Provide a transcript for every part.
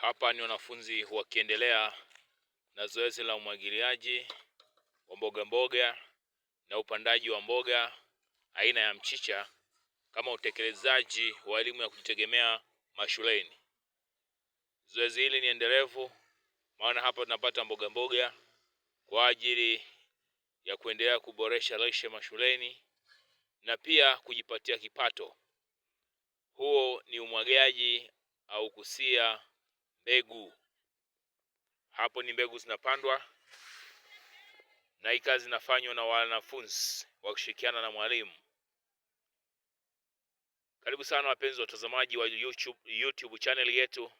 Hapa ni wanafunzi wakiendelea na zoezi la umwagiliaji wa mboga mboga na upandaji wa mboga aina ya mchicha kama utekelezaji wa elimu ya kujitegemea mashuleni. Zoezi hili ni endelevu, maana hapa tunapata mboga mboga kwa ajili ya kuendelea kuboresha lishe mashuleni na pia kujipatia kipato. Huo ni umwagaji au kusia mbegu. Hapo ni mbegu zinapandwa na hii kazi inafanywa na wanafunzi wakishirikiana na mwalimu. Karibu sana wapenzi watazamaji wa YouTube, YouTube channel yetu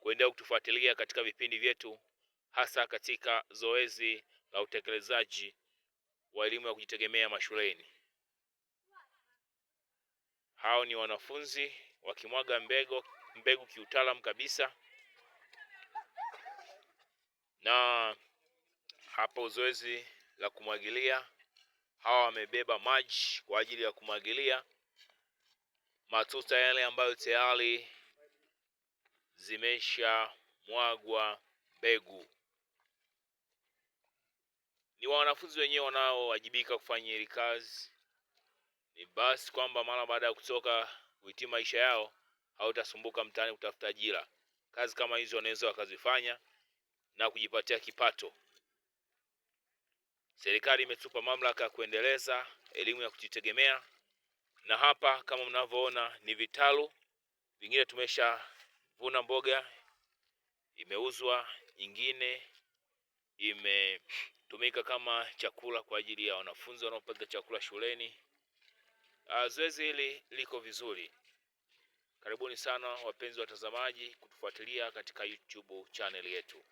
kuendelea kutufuatilia katika vipindi vyetu hasa katika zoezi la utekelezaji wa elimu ya kujitegemea mashuleni. Hao ni wanafunzi wakimwaga mbegu, mbegu kiutaalamu kabisa na hapo zoezi la kumwagilia, hawa wamebeba maji kwa ajili ya kumwagilia matuta yale ambayo tayari zimeshamwagwa mbegu. Ni wanafunzi wenyewe wanaowajibika kufanya hili kazi. Ni basi kwamba mara baada ya kutoka kuhitimu maisha yao hautasumbuka mtaani kutafuta ajira. Kazi kama hizo wanaweza wakazifanya na kujipatia kipato. Serikali imetupa mamlaka ya kuendeleza elimu ya kujitegemea, na hapa kama mnavyoona ni vitalu vingine, tumeshavuna mboga imeuzwa, nyingine imetumika kama chakula kwa ajili ya wanafunzi wanaopata chakula shuleni. Ah, zoezi hili liko vizuri. Karibuni sana wapenzi watazamaji kutufuatilia katika YouTube channel yetu.